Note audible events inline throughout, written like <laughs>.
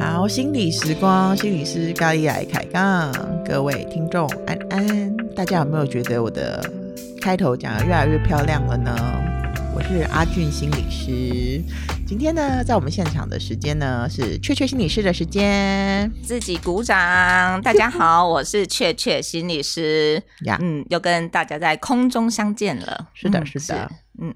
好，心理時光，心理師咖喱愛開槓，各位聽眾，安安，大家有沒有覺得我的開頭講得越來越漂亮了呢？我是阿俊心理師。今天呢，在我們現場的時間呢，是雀雀心理師的時間，自己鼓掌。大家好， <laughs> 我是雀雀心理師，嗯，yeah. 又跟大家在空中相見了，是的，嗯、是的，是嗯。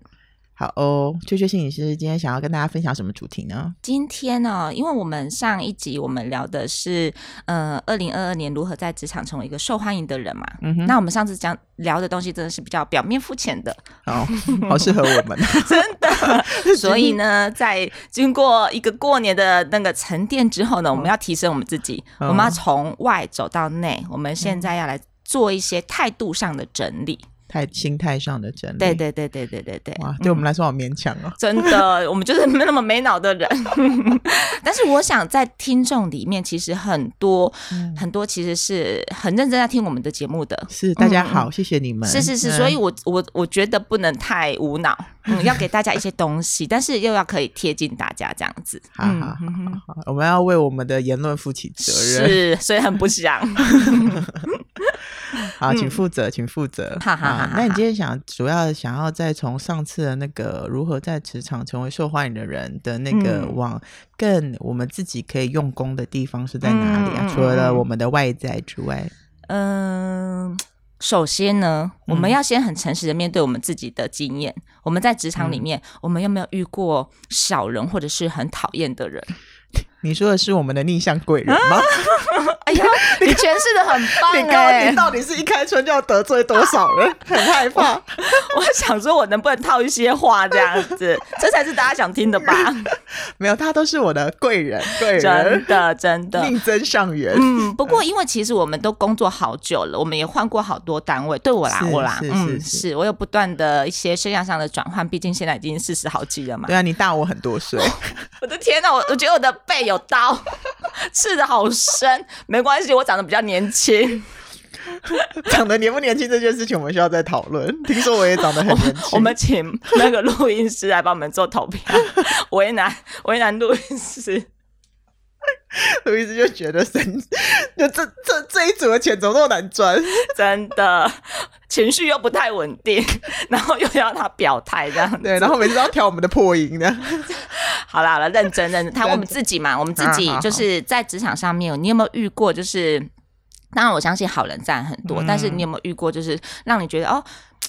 好哦，雀雀心理師今天想要跟大家分享什麼主題呢？今天呢、哦，因為我們上一集我們聊的是呃，二零二二年如何在職場成為一個受歡迎的人嘛。嗯、哼，那我們上次講聊的東西真的是比較表面膚淺的，哦、好好適合我們、啊， <laughs> 真的。所以呢，在經過一個過年的那個沉澱之後呢、哦，我們要提升我們自己，哦、我們要從外走到內，我們現在要來做一些態度上的整理。嗯太心態上的真理。對對對對對對對。哇，對我們來說好勉強哦、啊嗯。真的，我們就是那麼沒腦的人。 <laughs> 但是我想，在聽眾裡面，其實很多、嗯、很多，其實是很認真在聽我們的節目的。是，大家好，嗯、謝謝你們。是是是，嗯、所以我我我覺得不能太無腦、嗯，要給大家一些東西， <laughs> 但是又要可以貼近大家這樣子。嗯、好好好，好、嗯，我們要為我們的言論負起責任。是，所以很不想。 <laughs> <laughs> 好，請負責，嗯、請負責、嗯啊哈哈哈哈。那你今天想主要想要再從上次的那個如何在職場成為受歡迎的人的那個往更我們自己可以用功的地方是在哪裡啊？嗯、除了我們的外在之外，嗯，嗯嗯呃、首先呢、嗯，我們要先很誠實的面對我們自己的經驗。我們在職場裡面、嗯，我們有沒有遇過小人或者是很討厭的人？你說的是我們的逆向貴人嗎？ <laughs> 哎呀，你詮釋的很棒哎、欸！ <laughs> 你到底是一開春就要得罪多少人？啊、很害怕。我，我想說，我能不能套一些話這樣子？ <laughs> 這才是大家想聽的吧？ <laughs> 沒有，他都是我的貴人，貴人。真的，真的逆增上緣。嗯，不過因為其實我們都工作好久了，我們也換過好多單位。對我啦，是我啦，是是是是，嗯，是，我有不斷的一些事業上的轉換。畢竟現在已經四十好幾了嘛。對啊，你大我很多歲。 <laughs> 我的天哪，我我覺得我的背有。刀、哦、刺得好深，沒關係，我長得比較年輕。長得年不年輕這件事情，我們需要再討論。聽說我也長得很年輕，我們請那個錄音師來幫我們做投票， <laughs> 為難為難錄音師。我一直就覺得神，就這這這，這一組的錢怎麼那麼難賺，真的情緒又不太穩定，然後又要他表態這樣對，然後每次都要挑我們的破音這樣。 <laughs> 好啦好啦，認真認真，他我們自己嘛，我們自己就是在職場上面、啊好好，你有沒有遇過？就是當然我相信好人佔很多、嗯，但是你有沒有遇過？就是讓你覺得哦。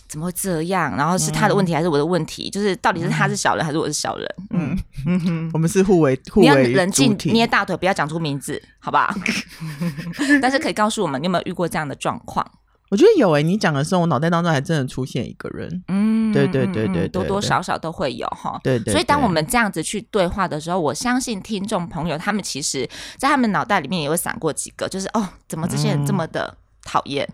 怎麼會這樣？然後是他的問題還是我的問題？嗯、就是到底是他是小人還是我是小人？嗯嗯， <laughs> 我們是互為，互為你要冷靜捏大腿，不要講出名字，好不好？ <laughs> <laughs> 但是可以告訴我們，你有沒有遇過這樣的狀況？我覺得有誒、欸，你講的時候，我腦袋當中還真的出現一個人。嗯，對對對對，對，多多少少都會有哈。對，對。對對，所以，當我們這樣子去對話的時候，我相信聽眾朋友他們其實在他們腦袋裡面也會閃過幾個，就是哦，怎麼這些人這麼的討厭？嗯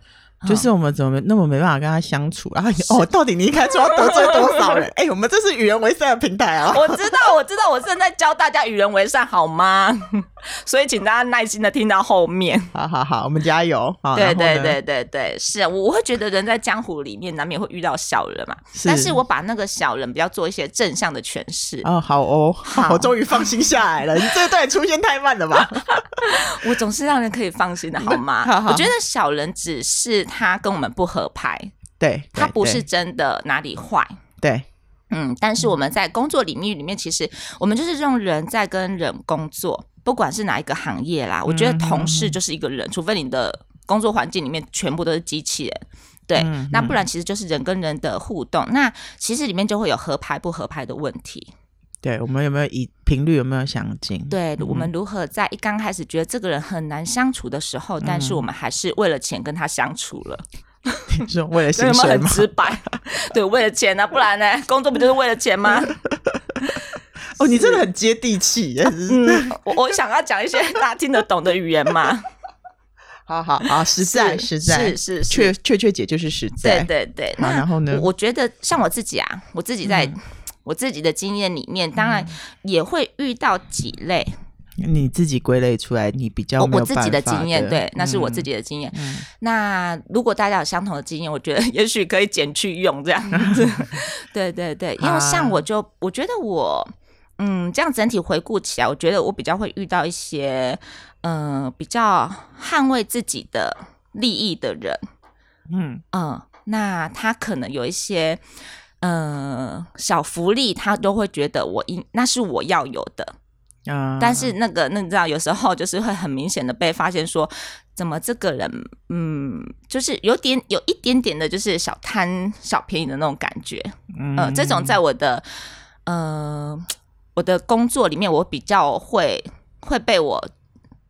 就是我們怎麼那麼沒辦法跟他相處啊？哦，到底你離開之後要得罪多少人，欸？哎、 <laughs> 欸，我們這是與人為善的平台啊！我知道，我知道，我正在教大家與人為善，好嗎？ <laughs> 所以，請大家耐心的聽到後面。好好好，我們加油！好，對，對對對對對，是，啊，我會覺得人在江湖裡面難免會遇到小人嘛。是，但是我把那個小人比較做一些正向的詮釋。哦，呃，好哦，好好我終於放心下來了。 <laughs> 你這段出現太慢了吧？ <laughs> 我總是讓人可以放心的，好嗎？好好我覺得小人只是。他跟我們不合拍，對，對，對他不是真的哪裡壞，對，嗯，但是我們在工作領域裡面裡面，嗯，其實我們就是這種人在跟人工作，不管是哪一個行業啦，我覺得同事就是一個人，嗯嗯嗯，除非你的工作環境裡面全部都是機器人，對，嗯嗯，那不然其實就是人跟人的互動，那其實裡面就會有合拍不合拍的問題。對我們有沒有以頻率有沒有相近？對、嗯、我們如何在一剛開始覺得這個人很難相處的時候、嗯，但是我們還是為了錢跟他相處了。聽說為了錢很直白。 <laughs> 對，為了錢呢、啊？不然呢？工作不就是為了錢嗎？ <laughs> 哦，你真的很接地氣、啊。嗯，我，我想要講一些大家聽得懂的語言嘛。好 <laughs> 好好，啊、實在實在，是是確確確姐就是實在，對對對。那然後呢？我覺得像我自己啊，我自己在、嗯。我自己的經驗裡面，當然也會遇到幾類。嗯、你自己歸類出來，你比較有我我自己的經驗，對，那是我自己的經驗、嗯嗯。那如果大家有相同的經驗，我覺得也許可以撿去用這樣子。 <laughs> 對對對，因為像我就我覺得我嗯，這樣整體回顧起來，我覺得我比較會遇到一些嗯、呃、比較捍衛自己的利益的人。嗯嗯、呃，那他可能有一些。嗯、呃，小福利他都會覺得我應那是我要有的，呃、但是那個那你知道，有時候就是會很明顯的被發現說，怎麼這個人嗯，就是有點有一點點的，就是小貪小便宜的那種感覺，嗯、呃、這種在我的嗯、呃、我的工作裡面，我比較會會被我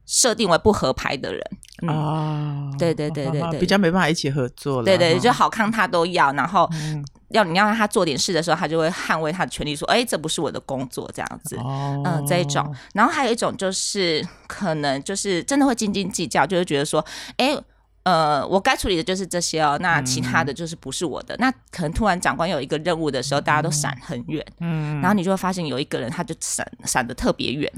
設定為不合拍的人啊、嗯哦，對對對對對，媽媽比較沒辦法一起合作了，對對、對、哦，就好康他都要，然後。嗯要你要讓他做點事的時候，他就會捍衛他的權利，說：“哎、欸，這不是我的工作，這樣子。Oh. ”嗯，這一種。然後還有一種就是，可能就是真的會斤斤計較，就是覺得說：“哎、欸。”呃，我該處理的就是這些哦。那其他的就是不是我的。嗯、那可能突然長官有一個任務的時候，嗯、大家都閃很遠。嗯。然後你就會發現有一個人，他就閃閃的特別遠，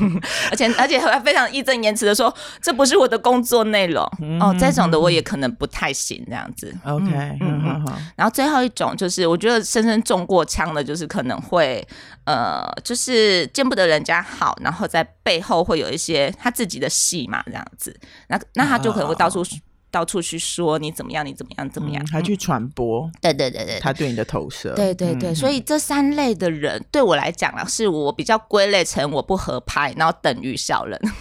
嗯、 <laughs> 而且而且還非常義正言辭的說：“這不是我的工作內容、嗯、哦，這、嗯、種的我也可能不太行這樣子。” OK，嗯，嗯，嗯，嗯然後最後一種就是，我覺得深深中過槍的，就是可能會呃，就是見不得人家好，然後在背後會有一些他自己的戲嘛，這樣子。那那他就可能會到處說、哦。到處去說你怎麼樣，你怎麼樣，怎麼樣？嗯嗯、還去傳播？對對對對，他對你的投射。對對對，嗯、所以這三類的人對我來講啊，是我比較歸類成我不合拍，然後等於小人。 <laughs> <laughs>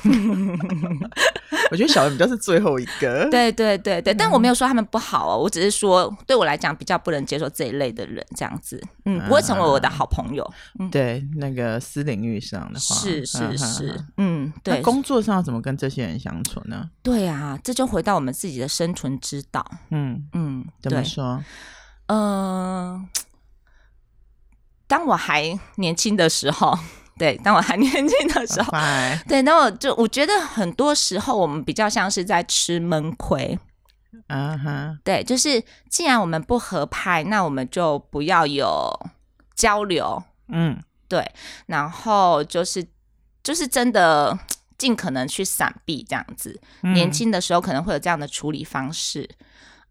我覺得小人比較是最後一個。對對對對，嗯、但我沒有說他們不好哦，喔，我只是說對我來講比較不能接受這一類的人這樣子。嗯，啊、不會成為我的好朋友，啊嗯。對，那個私領域上的話，是是是。呵呵呵嗯，對，工作上怎麼跟這些人相處呢？對啊，這就回到我們自己的生存之道，嗯嗯，怎麼說？嗯、呃，當我還年輕的時候，對，當我還年輕的時候，oh, 對，那我就我覺得很多時候我們比較像是在吃悶虧，嗯哼，對，就是既然我們不合拍，那我們就不要有交流，嗯、uh-huh.，對，然後就是就是真的。盡可能去閃避，這樣子。年輕的時候可能會有這樣的處理方式，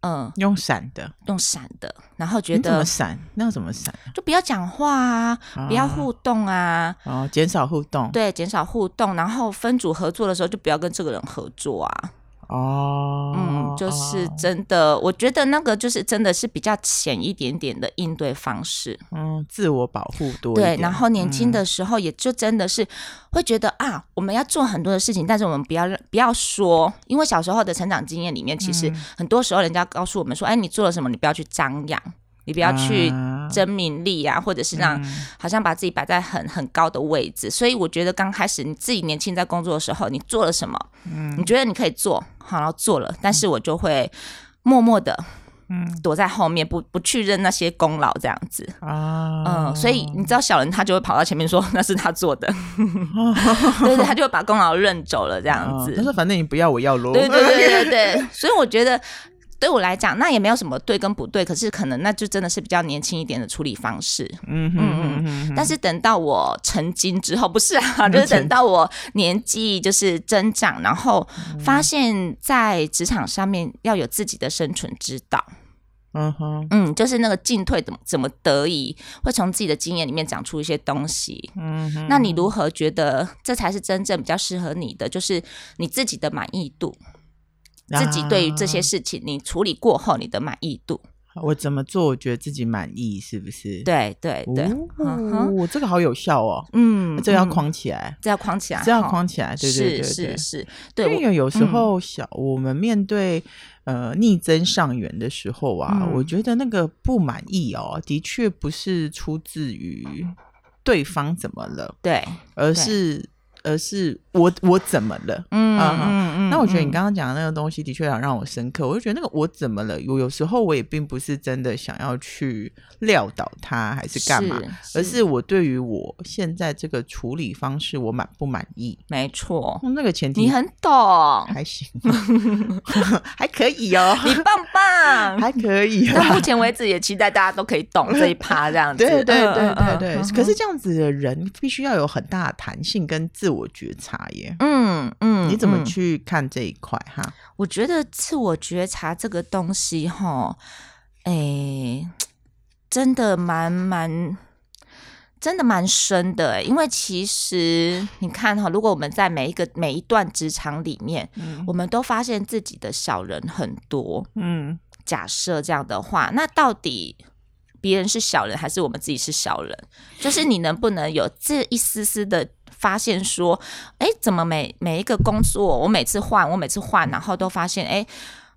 嗯，嗯用閃的，用閃的，然後覺得、嗯、怎麼閃？那怎麼閃、啊？就不要講話啊，不要互動啊，哦，哦、減少互動，對，減少互動，然後分組合作的時候就不要跟這個人合作啊。哦，嗯，就是真的、哦，我覺得那個就是真的是比較淺一點點的應對方式，嗯，自我保護多一點，對，然後年輕的時候也就真的是會覺得、嗯、啊，我們要做很多的事情，但是我們不要不要說，因為小時候的成長經驗裡面，其實很多時候人家告訴我們說、嗯，哎，你做了什麼，你不要去張揚。你不要去爭名利啊，啊，或者是讓好像把自己擺在很、嗯、很高的位置。所以我覺得剛開始你自己年輕在工作的時候，你做了什麼？嗯，你覺得你可以做，好，然後做了，但是我就會默默的，嗯，躲在後面，嗯、不不去認那些功勞這樣子啊。嗯，所以你知道小人他就會跑到前面說那是他做的，對、 <laughs> 啊， <laughs> <laughs> 他就會把功勞認走了這樣子、啊。但是反正你不要我要嘍， <laughs> 對對對對對。所以我覺得。對我來講，那也沒有什麼對跟不對，可是可能那就真的是比較年輕一點的處理方式。嗯哼嗯哼嗯哼。但是等到我成精之後，不是啊、嗯，就是等到我年紀就是增長，然後發現，在職場上面要有自己的生存之道。嗯哼，嗯，就是那個進退怎麼怎麼得宜會從自己的經驗裡面講出一些東西。嗯哼，那你如何覺得這才是真正比較適合你的，就是你自己的滿意度？自己對於這些事情，你處理過後，你的滿意度、啊，我怎麼做，我覺得自己滿意，是不是？對對對，我、哦嗯、這個好有效哦嗯、這個，嗯，這要框起來，這要框起來，這要框起來，對對對對對，因為有時候小，小我，我們面對呃逆增上緣的時候啊、嗯，我覺得那個不滿意哦，的確不是出自於對方怎麼了，對，而是。而是我我怎麼了？嗯嗯嗯,嗯,嗯那我覺得你剛剛講的那個東西的確很讓我深刻、嗯。我就覺得那個我怎麼了？有有時候我也並不是真的想要去撂倒他還是幹嘛是是，而是我對於我現在這個處理方式我滿不滿意？沒錯、嗯，那個前提你很懂，還行， <laughs> <laughs> 還可以哦， <laughs> 你棒棒，還可以。那目前為止也期待大家都可以懂這一趴這樣子。 <laughs> 對,對,對對對對對。 <laughs> 可是這樣子的人必須要有很大的彈性跟自。自我覺察耶，嗯嗯，你怎麼去看這一塊、嗯、哈？我覺得自我覺察這個東西哈，誒、欸，真的蠻蠻，真的蠻深的、欸。因為其實你看哈，如果我們在每一個每一段職場裡面、嗯，我們都發現自己的小人很多，嗯，假設這樣的話，那到底別人是小人還是我們自己是小人？就是你能不能有這一絲絲的？發現說，哎，怎麼每每一個工作，我每次換，我每次換，然後都發現，哎。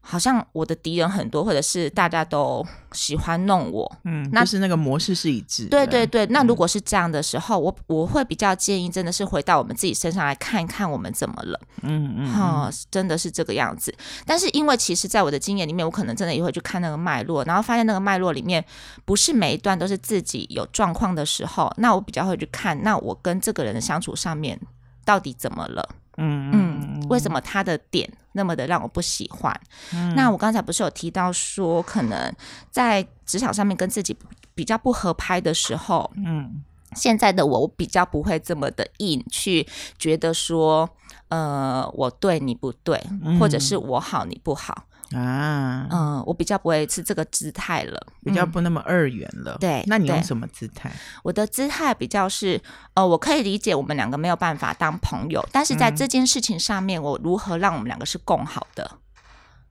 好像我的敵人很多，或者是大家都喜歡弄我，嗯，那、就是那個模式是一致，嗯，對對對，嗯。那如果是這樣的時候，我我會比較建議，真的是回到我們自己身上來看一看我們怎麼了，嗯嗯，嗯，哈，真的是這個樣子。但是因為其實，在我的經驗裡面，我可能真的也會去看那個脈絡，然後發現那個脈絡裡面不是每一段都是自己有狀況的時候，那我比較會去看，那我跟這個人的相處上面到底怎麼了，嗯嗯，嗯，嗯，為什麼他的點？那麼的讓我不喜歡，嗯，那我剛才不是有提到說，可能在職場上面跟自己比較不合拍的時候，嗯，現在的我，我比較不會這麼的硬去覺得說，呃，我對你不對，或者是我好你不好。嗯啊，嗯，我比較不會是這個姿態了，比較不那麼二元了。嗯、對，那你用什麼姿態？我的姿態比較是，呃，我可以理解我們兩個沒有辦法當朋友，但是在這件事情上面，嗯、我如何讓我們兩個是共好的？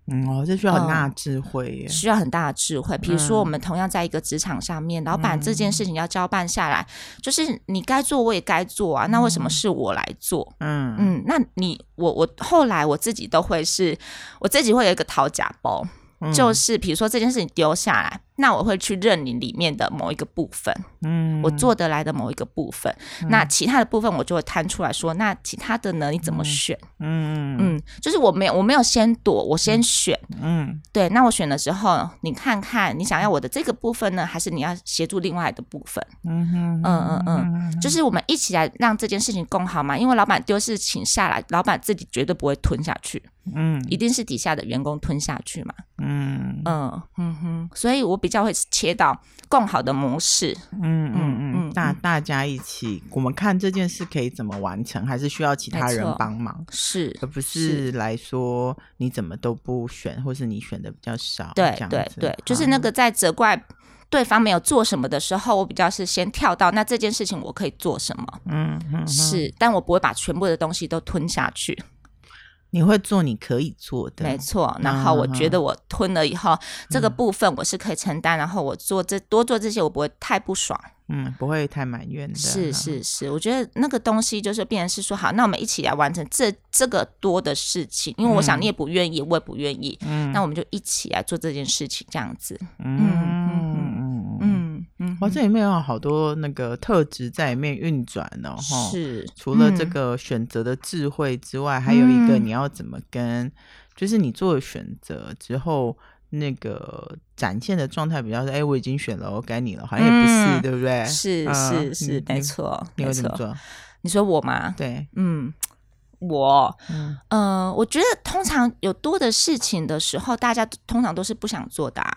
嗯哦，這需要很大的智慧耶，呃，需要很大的智慧。比如說，我們同樣在一個職場上面，嗯、老闆這件事情要交辦下來，嗯、就是你該做，我也該做啊，嗯。那為什麼是我來做？嗯嗯，那你我我後來我自己都會是，我自己會有一個討價包、嗯，就是比如說這件事情丟下來。那我會去認你裡面的某一個部分，嗯，我做得來的某一個部分，嗯、那其他的部分我就會攤出來說，那其他的呢，你怎麼選？嗯嗯，嗯，就是我沒有我沒有先躲，我先選，嗯，嗯，對。那我選的時候，你看看你想要我的這個部分呢，還是你要協助另外的部分？嗯嗯嗯嗯，就是我們一起來讓這件事情更好嘛。因為老闆丟事情下來，老闆自己絕對不會吞下去，嗯，一定是底下的員工吞下去嘛。嗯嗯嗯哼，所以我。比較會切到更好的模式，嗯嗯嗯，大大家一起、嗯，我們看這件事可以怎麼完成，還是需要其他人幫忙，是而不是來說是你怎麼都不選，或是你選的比較少這樣子，對對對、嗯，就是那個在責怪對方沒有做什麼的時候，我比較是先跳到那這件事情我可以做什麼，嗯嗯，是、嗯，但我不會把全部的東西都吞下去。你會做你可以做的，沒錯。然後我覺得我吞了以後，嗯、這個部分我是可以承擔。嗯、然後我做這多做這些，我不會太不爽，嗯，不會太埋怨的。是是是，我覺得那個東西就是變成是說，好，那我們一起來完成這這個多的事情，因為我想你也不願意，我也不願意，嗯、那我們就一起來做這件事情，這樣子，嗯。嗯嗯哦，這裡面有好多那個特質在裡面運轉呢，哈。是，除了這個選擇的智慧之外、嗯，還有一個你要怎麼跟，嗯、就是你做選擇之後，那個展現的狀態比較是，哎、欸，我已經選了，該你了，好像也不是，嗯、對不對？是是是，沒錯、呃，沒錯。你說我嗎？對，嗯，我，嗯、呃，我覺得通常有多的事情的時候，大家通常都是不想做的、啊。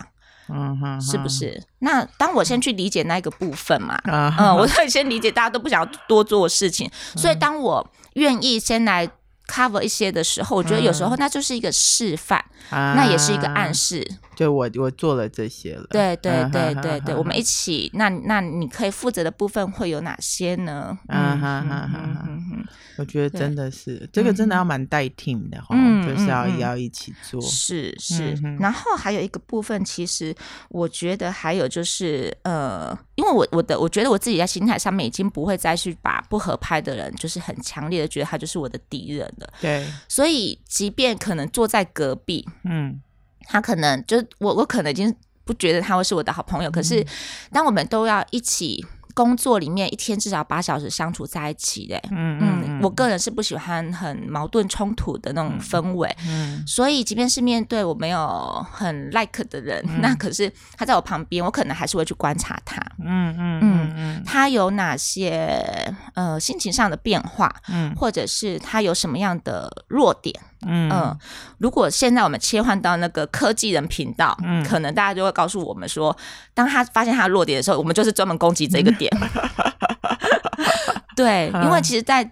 嗯哼， <music> 是不是？那當我先去理解那個部分嘛， <music> 嗯，我先理解大家都不想要多做事情，所以當我願意先來 cover 一些的時候，我覺得有時候那就是一個示範， <music> 那也是一個暗示， <music> 就我我做了這些了， <music> 對對對對對，我們一起，那那你可以負責的部分會有哪些呢？ <music> 嗯哼哼哼哼。 <music> 我覺得真的是這個真的要蠻代替的，的、嗯、就是要、嗯、也要一起做。是是、嗯，然後還有一個部分，其實我覺得還有就是呃，因為我我的我覺得我自己在心態上面已經不會再去把不合拍的人，就是很強烈的覺得他就是我的敵人了。對，所以即便可能坐在隔壁，嗯，他可能就我我可能已經不覺得他會是我的好朋友，嗯、可是當我們都要一起工作裡面一天至少八小時相處在一起的、欸，嗯嗯，我個人是不喜歡很矛盾衝突的那種氛圍、嗯，嗯，所以即便是面對我沒有很 like 的人，嗯、那可是他在我旁邊，我可能還是會去觀察他，嗯嗯嗯他有哪些呃心情上的變化、嗯，或者是他有什麼樣的弱點。嗯，嗯，如果現在我們切換到那個科技人頻道，嗯，可能大家就會告訴我們說，當他發現他的弱點的時候，我們就是專門攻擊這個點。嗯、 <laughs> <laughs> 對，因為其實，在。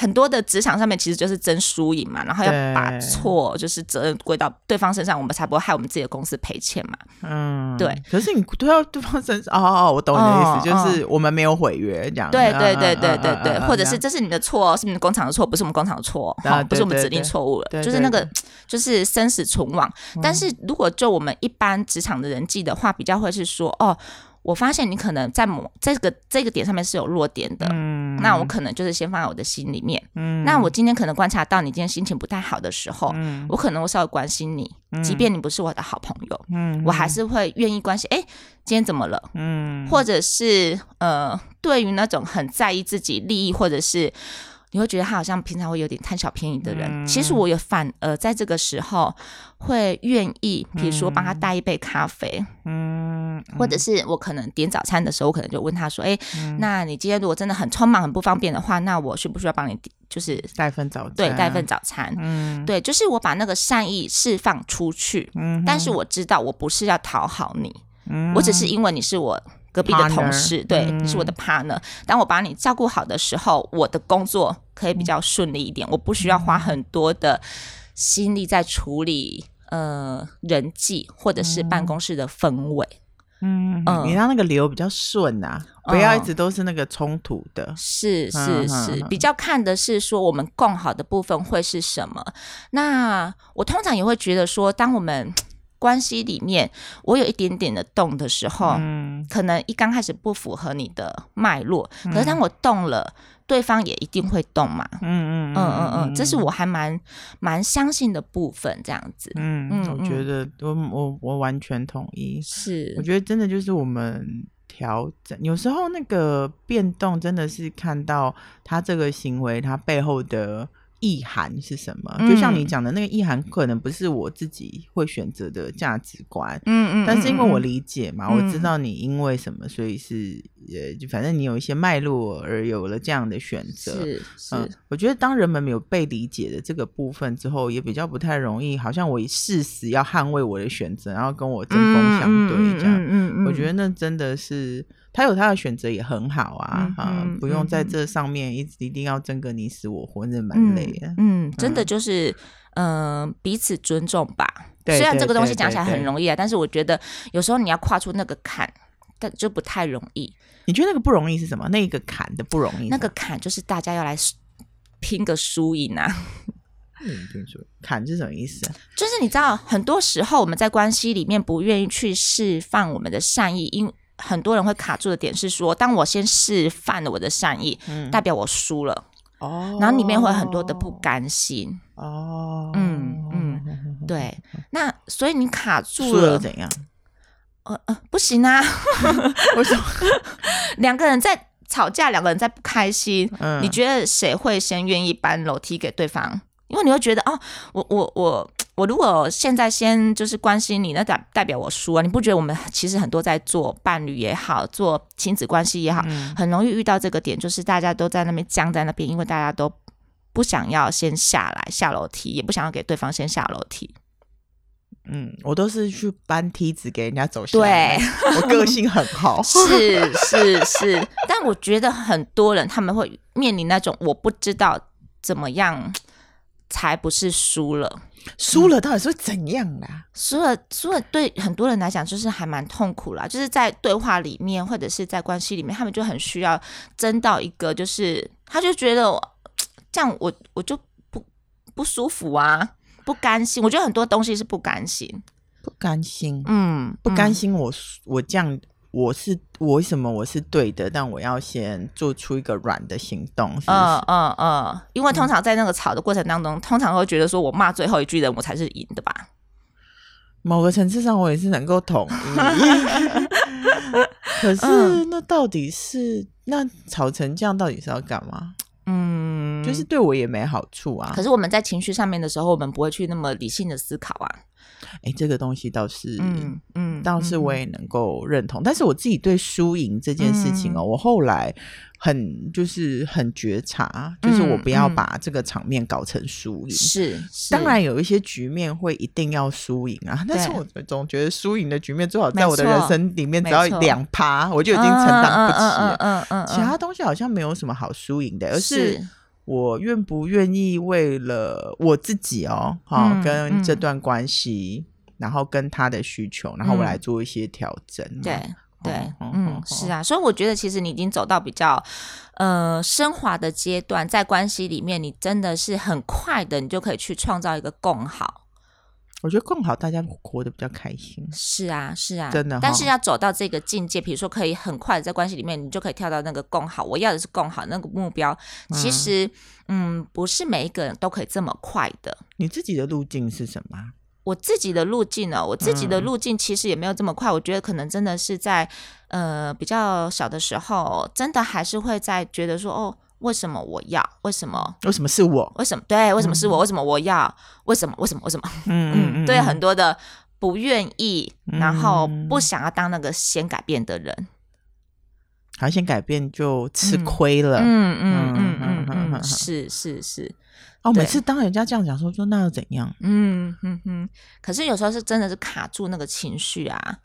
很多的職場上面其實就是爭輸贏嘛，然後要把錯就是責任歸到對方身上，我們才不會害我們自己的公司賠錢嘛。嗯，對。可是你都要對方身上。哦，我懂你的意思，哦、就是我們沒有毀約、哦、這樣。對對對對對對，對、嗯嗯嗯嗯，或者是這是你的錯，是你們工廠的錯，不是我們工廠的錯、啊嗯，不是我們指定錯誤了、啊對對對對對，就是那個就是生死存亡、嗯。但是如果就我們一般職場的人際的話，比較會是說哦。我發現你可能在某這個這個點上面是有弱點的、嗯，那我可能就是先放在我的心裡面、嗯。那我今天可能觀察到你今天心情不太好的時候，嗯、我可能我稍微關心你、嗯，即便你不是我的好朋友，嗯嗯、我還是會願意關心。哎，今天怎麼了？嗯、或者是呃，對於那種很在意自己利益或者是。你會覺得他好像平常會有點貪小便宜的人，嗯、其實我也反而在這個時候會願意，比如說幫他帶一杯咖啡嗯，嗯，或者是我可能點早餐的時候，我可能就問他說：“哎、嗯，那你今天如果真的很匆忙、很不方便的話，那我需不需要幫你，就是帶份早餐、啊。對，帶份早餐。嗯，對，就是我把那個善意釋放出去，嗯、但是我知道我不是要討好你，嗯、我只是因為你是我。”隔壁的同事，partner，對、嗯，是我的 partner。當我把你照顧好的時候，我的工作可以比較順利一點，嗯、我不需要花很多的心力在處理呃、嗯、人際或者是辦公室的氛圍嗯。嗯，你讓那個流比較順啊，不、嗯、要一直都是那個衝突的。是、嗯、是、嗯是，嗯、是，比較看的是說我們共好的部分會是什麼。那我通常也會覺得說，當我們關係裡面，我有一點點的動的時候，嗯，可能一剛開始不符合你的脈絡、嗯，可是當我動了，對方也一定會動嘛，嗯嗯嗯嗯嗯，這是我還蠻蠻相信的部分，這樣子，嗯嗯，我覺得、嗯、我我我完全同一意，是，我覺得真的就是我們調整，有時候那個變動真的是看到他這個行為，他背後的。意涵是什麼？就像你講的那個意涵，可能不是我自己會選擇的價值觀、嗯。但是因為我理解嘛，嗯、我知道你因為什麼，嗯、所以是呃，反正你有一些脈絡而有了這樣的選擇。是是、嗯。我覺得當人們沒有被理解的這個部分之後，也比較不太容易，好像我誓死要捍衛我的選擇，然後跟我針鋒相對這樣、嗯嗯嗯嗯嗯。我覺得那真的是。他有他的選擇也很好啊，嗯啊嗯，不用在這上面、嗯、一直一定要爭個你死我活，真的蠻累的嗯嗯。嗯，真的就是，嗯、呃，彼此尊重吧。雖然這個東西講起來很容易啊對對對對，但是我覺得有時候你要跨出那個坎，但就不太容易。你覺得那個不容易是什麼？那個坎的不容易？那個坎就是大家要來拼個輸贏啊。嗯，什麼輸贏？坎是什麼意思、啊？就是你知道，很多時候我們在關係裡面不願意去釋放我們的善意，因很多人會卡住的點是說，當我先示範了我的善意，嗯、代表我輸了，oh, 然後裡面會有很多的不甘心。哦、oh. 嗯，嗯嗯，對。那所以你卡住了，了怎樣？呃呃，不行啊！為什麼？兩個人在吵架，兩個人在不開心、嗯，你覺得誰會先願意搬樓梯給對方？因為你會覺得哦，我我我。我我如果現在先就是關心你，那代代表我輸啊？你不覺得我們其實很多在做伴侶也好，做親子關係也好，很容易遇到這個點，就是大家都在那邊僵在那邊，因為大家都不想要先下來下樓梯，也不想要給對方先下樓梯。嗯，我都是去搬梯子給人家走下來。對， <laughs> 我個性很好。是 <laughs> 是是，是是 <laughs> 但我覺得很多人他們會面臨那種我不知道怎麼樣。才不是輸了，輸了到底是怎樣啦？輸了輸了，了對很多人來講就是還蠻痛苦啦。就是在對話裡面，或者是在關係裡面，他們就很需要爭到一個，就是他就覺得我這樣我我就不不舒服啊，不甘心。我覺得很多東西是不甘心，不甘心，嗯，不甘心我，我、嗯、我這樣。我是我為什麼我是對的？但我要先做出一個軟的行動是不是？嗯嗯嗯，因為通常在那個吵的過程當中，嗯、通常會覺得說我罵最後一句的人我才是贏的吧。某個層次上我也是能夠同意 <laughs> ， <laughs> 可是那到底是、 <laughs> 嗯、那吵成這樣到底是要幹嘛？嗯，就是對我也沒好處啊。可是我們在情緒上面的時候，我們不會去那麼理性的思考啊。誒、欸，這個東西倒是，嗯，嗯，倒是我也能夠認同、嗯。但是我自己對輸贏這件事情哦、喔、嗯，我後來很就是很覺察、嗯，就是我不要把這個場面搞成輸贏、嗯。是，當然有一些局面會一定要輸贏啊，但是我總覺得輸贏的局面最好在我的人生裡面只要兩趴，我就已經承擔不起了。嗯嗯，嗯，嗯，嗯，嗯，其他東西好像沒有什麼好輸贏的，而是。我願不願意為了我自己哦，好、哦嗯、跟這段關係、嗯，然後跟他的需求、嗯然嗯，然後我來做一些調整。對、哦、對嗯，嗯，是啊，所以我覺得其實你已經走到比較呃升華的階段，在關係裡面，你真的是很快的，你就可以去創造一個共好。我覺得更好，大家活得比較開心。是啊，是啊，真的、哦。但是要走到這個境界，比如說可以很快在關係裡面，你就可以跳到那個更好。我要的是更好那個目標。其實嗯，嗯，不是每一個人都可以這麼快的。你自己的路徑是什麼？我自己的路徑哦，我自己的路徑其實也沒有這麼快。嗯、我覺得可能真的是在呃比較小的時候，真的還是會在覺得說哦。為什麼我要？為什麼？為什麼是我？為什麼？對，為什麼是我、嗯？為什麼我要？為什麼？為什麼？為什麼？嗯嗯嗯，嗯，嗯、 <laughs> 對，很多的不願意，然後不想要當那個先改變的人，嗯、還先改變就吃虧了嗯。嗯嗯嗯嗯嗯嗯，是是是。哦，每次當人家這樣講，說說那又怎樣？嗯哼、嗯、哼、嗯。可是有時候是真的是卡住那個情緒啊，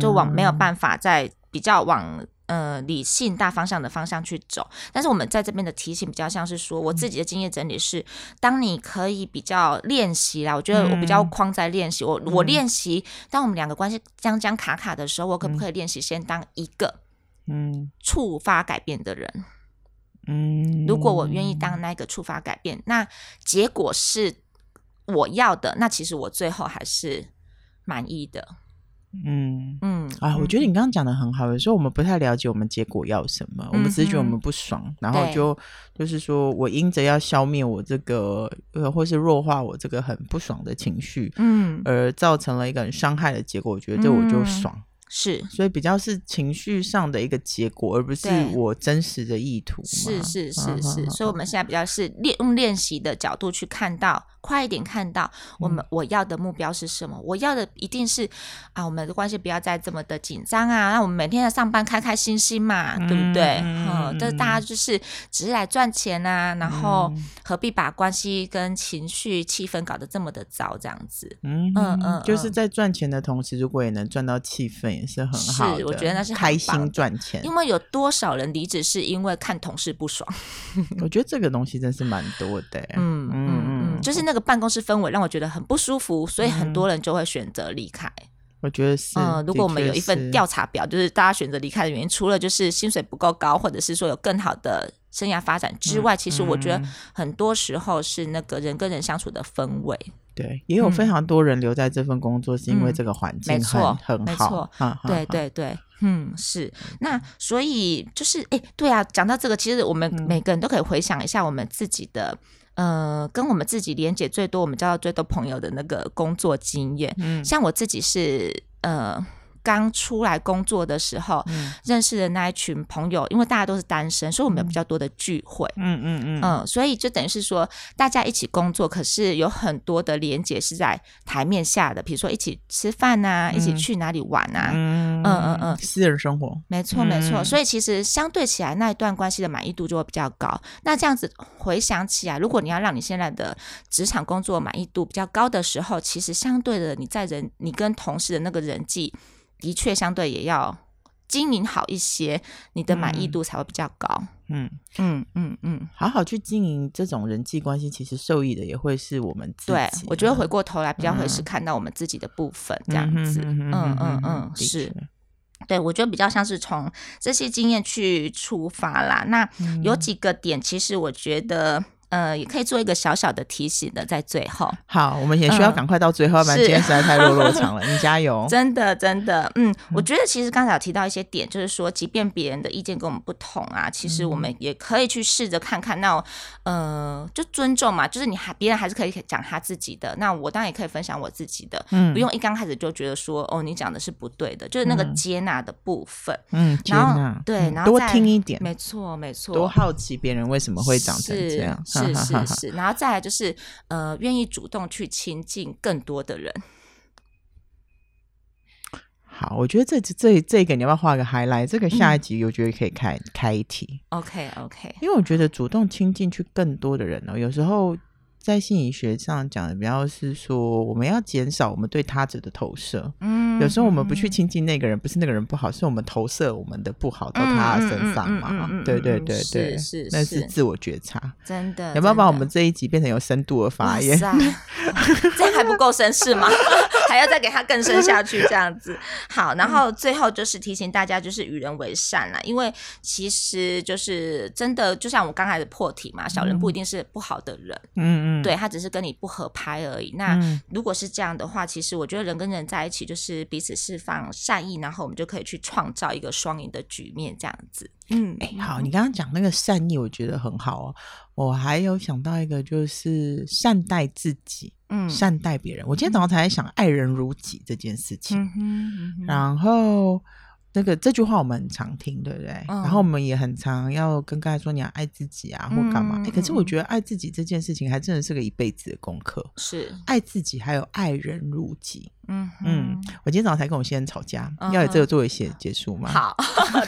就往沒有辦法再比較往。呃、嗯，理性大方向的方向去走，但是我們在這邊的提醒比較像是說，我自己的經驗整理是，當你可以比較練習啦，我覺得我比較框在練習，嗯、我我練習，當我們兩個關係將將卡卡的時候，我可不可以練習先當一個嗯觸發改變的人？嗯，如果我願意當那個觸發改變，那結果是我要的，那其實我最後還是滿意的。嗯嗯啊嗯，我覺得你剛剛講的很好。有時候我們不太了解我們結果要什麼，我們只是覺得我們不爽，嗯、然後就就是說我因着要消滅我這個呃，或是弱化我這個很不爽的情緒，嗯，而造成了一個很傷害的結果。我覺得這我就爽。嗯嗯是，所以比較是情緒上的一個結果，而不是我真實的意圖。是是是是，是，所以我們現在比較是練用練習的角度去看到，快一點看到我們、嗯、我要的目標是什麼？我要的一定是啊，我們的關係不要再這麼的緊張啊，那我們每天要上班開開心心嘛，嗯、對不對？嗯，這、嗯就是、大家就是只是來賺錢啊，然後何必把關係跟情緒氣氛搞得這麼的糟這樣子？嗯嗯嗯，就是在賺錢的同時，如果也能賺到氣氛。也是很好的，是我覺得那是開心賺錢。因為有多少人離職是因為看同事不爽？ <laughs> 我覺得這個東西真是蠻多的。嗯嗯嗯，就是那個辦公室氛圍讓我覺得很不舒服，所以很多人就會選擇離開。嗯、我覺得是。嗯，如果我們有一份調查表、嗯，就是大家選擇離開的原因，除了就是薪水不夠高，或者是說有更好的。生涯發展之外，嗯，其實我覺得很多時候是那個人跟人相處的氛圍。對、嗯，也有非常多人留在這份工作，是因為這個環境很、嗯，沒錯，沒錯，對對對，嗯，是。那所以就是，誒、欸，對啊，講到這個，其實我們每個人都可以回想一下我們自己的，嗯、呃，跟我們自己連接最多、我們交到最多朋友的那個工作經驗。嗯，像我自己是，呃。剛出來工作的時候、嗯，認識的那一群朋友，因為大家都是單身，所以我們有比較多的聚會。嗯嗯嗯，嗯，所以就等於是說，大家一起工作，可是有很多的連接是在台面下的，比如說一起吃飯啊，嗯、一起去哪裡玩啊。嗯嗯嗯。私、嗯、人、嗯、生活。沒錯，沒錯、嗯。所以其實相對起來，那一段關係的滿意度就會比較高。那這樣子回想起來、啊，如果你要讓你現在的職場工作滿意度比較高的時候，其實相對的你在人，你跟同事的那個人際。的確，相對也要經營好一些，你的滿意度才會比較高。嗯嗯嗯嗯，好好去經營這種人際關係，其實受益的也會是我們自己。對，我覺得回過頭來比較會是看到我們自己的部分，這樣子。嗯嗯嗯，嗯，嗯，是。對，我覺得比較像是從這些經驗去出發啦。那有幾個點，其實我覺得。呃，也可以做一個小小的提醒的，在最後。好，我們也需要趕快到最後，不、呃、然今天實在太落落長了。 <laughs> 你加油！真的，真的，嗯，嗯我覺得其實剛才有提到一些點，就是說，即便別人的意見跟我們不同啊，其實我們也可以去試着看看那。那、嗯、呃，就尊重嘛，就是你還別人還是可以講他自己的。那我當然也可以分享我自己的，嗯、不用一剛開始就覺得說哦，你講的是不對的，就是那個接納的部分。嗯，接納、嗯嗯、對，然後再，多聽一點，沒錯沒錯，多好奇別人為什麼會長成這樣。是是是哈哈哈哈，然後再來就是呃，願意主動去親近更多的人。好，我覺得這這這一個你要不要畫個 highlight？這個下一集我覺得可以開、嗯、開一題。OK OK，因為我覺得主動親近去更多的人哦，有時候。在心理學上講的，比較是說，我們要減少我們對他者的投射。嗯，有時候我們不去親近那個人，不是那個人不好，是我們投射我們的不好到他身上嘛。嗯嗯嗯嗯、對對對對，那是自我覺察。真的，有沒有辦法把我們這一集變成有深度的發言？真的 <laughs> 哦、這還不夠深是嗎？ <laughs> <laughs> 還要再給他更深下去，這樣子。好，然後最後就是提醒大家，就是與人為善啦。因為其實就是真的，就像我剛才的破題嘛，小人不一定是不好的人，嗯嗯，對他只是跟你不合拍而已。那如果是這樣的話，其實我覺得人跟人在一起，就是彼此釋放善意，然後我們就可以去創造一個雙贏的局面，這樣子。嗯，哎、欸，好，你剛剛講那個善意，我覺得很好哦。我還有想到一個，就是善待自己，嗯，善待別人。我今天早上才在想愛人如己這件事情，嗯嗯、然後。這個這句話我們很常聽，對不對？嗯、然後我們也很常要跟大家說你要愛自己啊，或幹嘛。哎、嗯嗯嗯欸，可是我覺得愛自己這件事情還真的是個一輩子的功課。是愛自己，還有愛人如己。嗯嗯，我今天早上才跟我先生吵架，嗯、要以這個作為結結束嗎？好，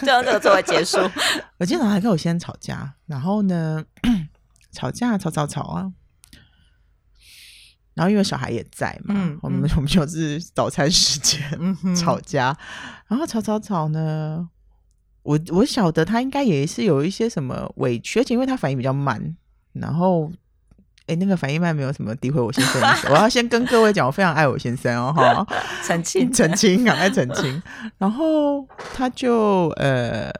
就 <laughs> 用這個作為結束。 <laughs> <laughs> 我今天早上還跟我先生吵架，然後呢， <coughs> 吵架吵吵吵啊。然後因為小孩也在嘛，嗯、我們、嗯、我們就是早餐時間吵架，嗯、然後吵吵吵呢，我我曉得他應該也是有一些什麼委屈，而且因為他反應比較慢，然後哎那個反應慢沒有什麼詆毀我先生， <laughs> 我要先跟各位講，我非常愛我先生哦 <laughs> 哈，澄清澄清澄清， <laughs> 啊、愛澄清 <laughs> 然後他就呃，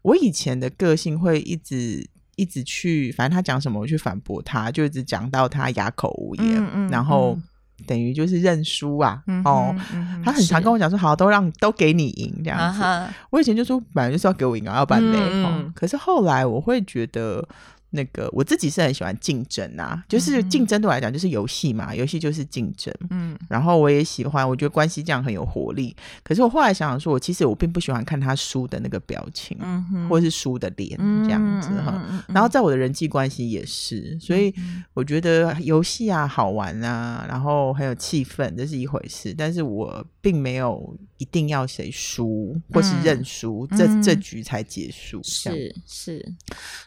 我以前的個性會一直。一直去，反正他講什麼我去反駁他，就一直講到他啞口無言，嗯嗯、然後、嗯、等於就是認輸啊。嗯、哦、嗯，他很常跟我講說，好，都讓，都給你贏這樣子、啊。我以前就說，本來就是要給我贏啊，然要搬。杯、嗯哦嗯。可是後來我會覺得。那個我自己是很喜歡競爭啊，就是競爭對我來講，就是遊戲嘛、嗯，遊戲就是競爭。嗯，然後我也喜歡，我覺得關係這樣很有活力。可是我後來想想說，我其實我並不喜歡看他輸的那個表情，嗯、或是輸的臉、嗯、這樣子哈、嗯嗯。然後在我的人際關係也是，所以我覺得遊戲啊好玩啊，然後很有氣氛，這是一回事。但是我並沒有一定要誰輸或是認輸，嗯、這、嗯、這局才結束。是是。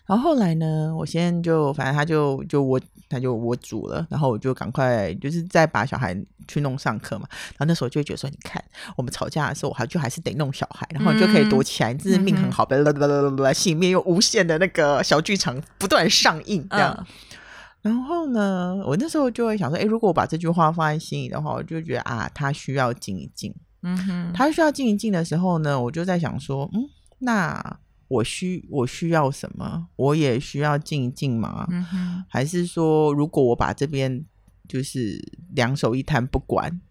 然後後來呢？嗯、我現在就反正他就就我他就我煮了，然後我就趕快就是再把小孩去弄上課嘛。然後那時候就覺得說，你看我們吵架的時候，我還就還是得弄小孩，然後你就可以躲起來，真是命很好，幸免又無限的那個小劇場不斷上映這樣。Uh -huh. 然後呢，我那時候就會想說，哎、欸，如果我把這句話放在心裡的話，我就覺得啊，他需要靜一靜。嗯哼，他需要靜一靜的時候呢，我就在想說，嗯，那。我需我需要什麼？我也需要靜一靜嗎、嗯？還是說，如果我把這邊就是兩手一攤不管、嗯，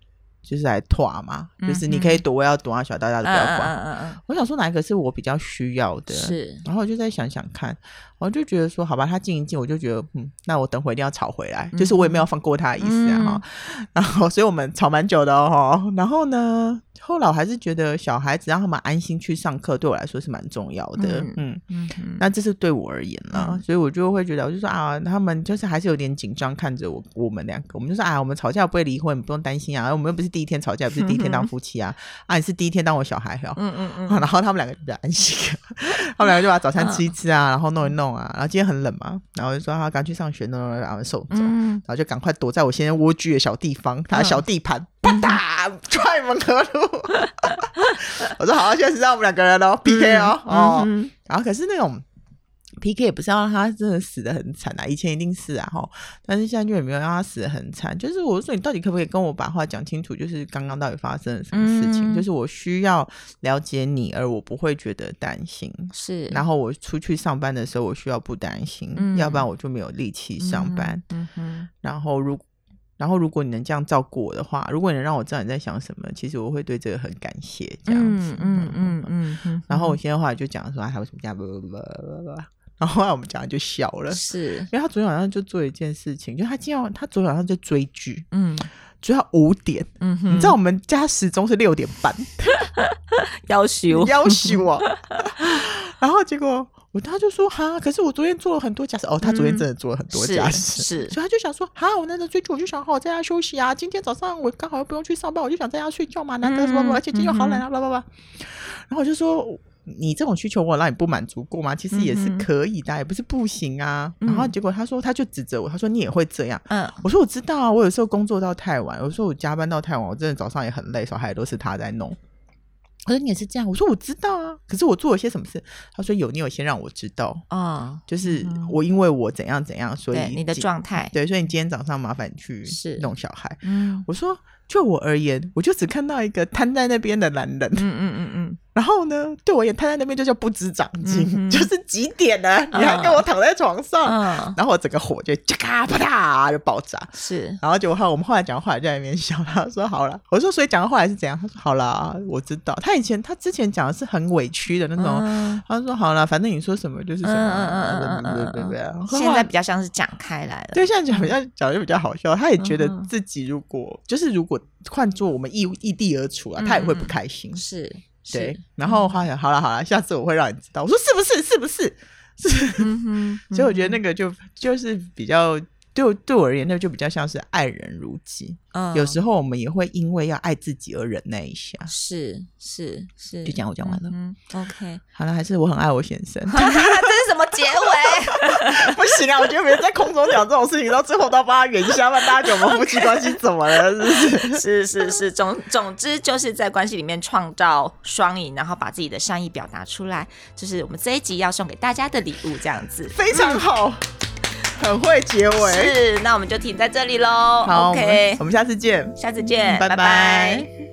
就是來拖嘛、嗯？就是你可以躲，我要躲啊，小大家都不要管呃呃呃呃。我想說哪一個是我比較需要的？是。然後我就在想想看，我就覺得說好吧，他靜一靜，我就覺得嗯，那我等會一定要吵回來、嗯，就是我也沒有放過他的意思啊。嗯、然後，所以我們吵蠻久的哦。然後呢？後來我還是覺得小孩子讓他們安心去上課，對我來說是蠻重要的。嗯嗯，那、嗯、這是對我而言啦、嗯，所以我就會覺得，我就說啊，他們就是還是有點緊張，看着我我們兩個，我們就說啊，我們吵架不會離婚，你不用擔心啊。我們又不是第一天吵架，不是第一天當夫妻啊，、嗯、啊，啊，你是第一天當我小孩哦。嗯嗯嗯、啊。然後他們兩個就比較安心， <laughs> <laughs> 他們兩個就把早餐吃一吃啊、嗯，然後弄一弄啊。然後今天很冷嘛，然後就說他剛去上學弄，弄，然後受走嗯，然後就趕快躲在我現在蝸居的小地方、嗯，他的小地盤。嗯不打、嗯，踹門哥路。 <laughs> <laughs> <laughs> 我說好，現在是讓我們兩個人哦 PK 哦、嗯，哦，然、嗯、後可是那種 PK 也不是要讓他真的死的很慘啊，以前一定是啊哈，但是現在就也沒有讓他死的很慘，就是我說你到底可不可以跟我把話講清楚？就是剛剛到底發生了什麼事情？嗯、就是我需要了解你，而我不會覺得擔心，是。然後我出去上班的時候，我需要不擔心、嗯，要不然我就沒有力氣上班嗯。嗯哼，然後如果。然後，如果你能這樣照顧我的話，如果你能讓我知道你在想什麼，其實我會對這個很感謝。這樣子，嗯嗯嗯，嗯，嗯，嗯，嗯然後我現在話就講說還、嗯啊、有什麼這不不不不不然後後來我們講就笑了，是。因為他昨天晚上就做一件事情，就他今天他昨天晚上就追劇，嗯，追到五點，嗯，你知道我們家時鐘是六點半，要挾我，要挾我，然後結果。我他就說哈，可是我昨天做了很多家事哦，他昨天真的做了很多家事，嗯，是，所以他就想說哈，我那時候追劇，我就想好在家休息啊，今天早上我剛好又不用去上班，我就想在家睡覺嘛，難得什麼什麼，嗯、而且今天好冷啊，了不啦。然後我就說，你這種需求我有讓你不滿足過嗎？其實也是可以的，嗯，也不是不行啊。然後結果他說他就指責我，他說你也會這樣，嗯，我說我知道啊，我有時候工作到太晚，有時候我加班到太晚，我真的早上也很累，小孩都是他在弄。可是你也是這樣，我說我知道啊，可是我做了些什麼事？他說有，你有先讓我知道啊，嗯，就是我因為我怎樣怎樣，所以，對，你的狀態，對，所以你今天早上麻煩你去弄小孩。我說就我而言，我就只看到一個癱在那邊的男人。嗯嗯嗯嗯。嗯嗯然後呢，對我也他在那邊就叫不知長進、嗯，就是幾點呢、啊？你還跟我躺在床上，嗯、然後我整個火就咔嗒啪嗒就爆炸。是，然後結果後我們後來講話就在那邊笑，他說好了，我說所以講到後來是怎樣？他說好了，我知道。他以前他之前講的是很委屈的那種、嗯，他說好了，反正你說什麼就是什麼。嗯嗯嗯嗯嗯，嗯，嗯，嗯，嗯然後。現在比較像是講開來了，對，現在講比較講，講就比較好笑。他也覺得自己如果、嗯、就是如果換作我們易易地而處啊，他也會不開心。嗯、是。對，然後他說：“好了好了，下次我會讓你知道。”我說：“是不是？是不是？”是。嗯嗯、所以我覺得那個就就是比較。就對我而言，那就比較像是愛人如己。嗯，有時候我們也會因為要愛自己而忍耐一下。是是是。就這樣我講完了。嗯，OK。好了，還是我很愛我先生。這是什麼結尾？ <laughs> <laughs> 不行啊！我覺得別在空中講這種事情，到最後都要幫他圓下吧。大家覺得我們夫妻關係怎麼了？Okay. 是，不是，是是是是總總之就是在關係裡面創造雙贏，然後把自己的善意表達出來，就是我們這一集要送給大家的禮物，這樣子非常好。嗯很會結尾，是，那我們就停在這裡嘍。好、okay 我，我們下次見，下次見，拜、嗯、拜。Bye bye bye bye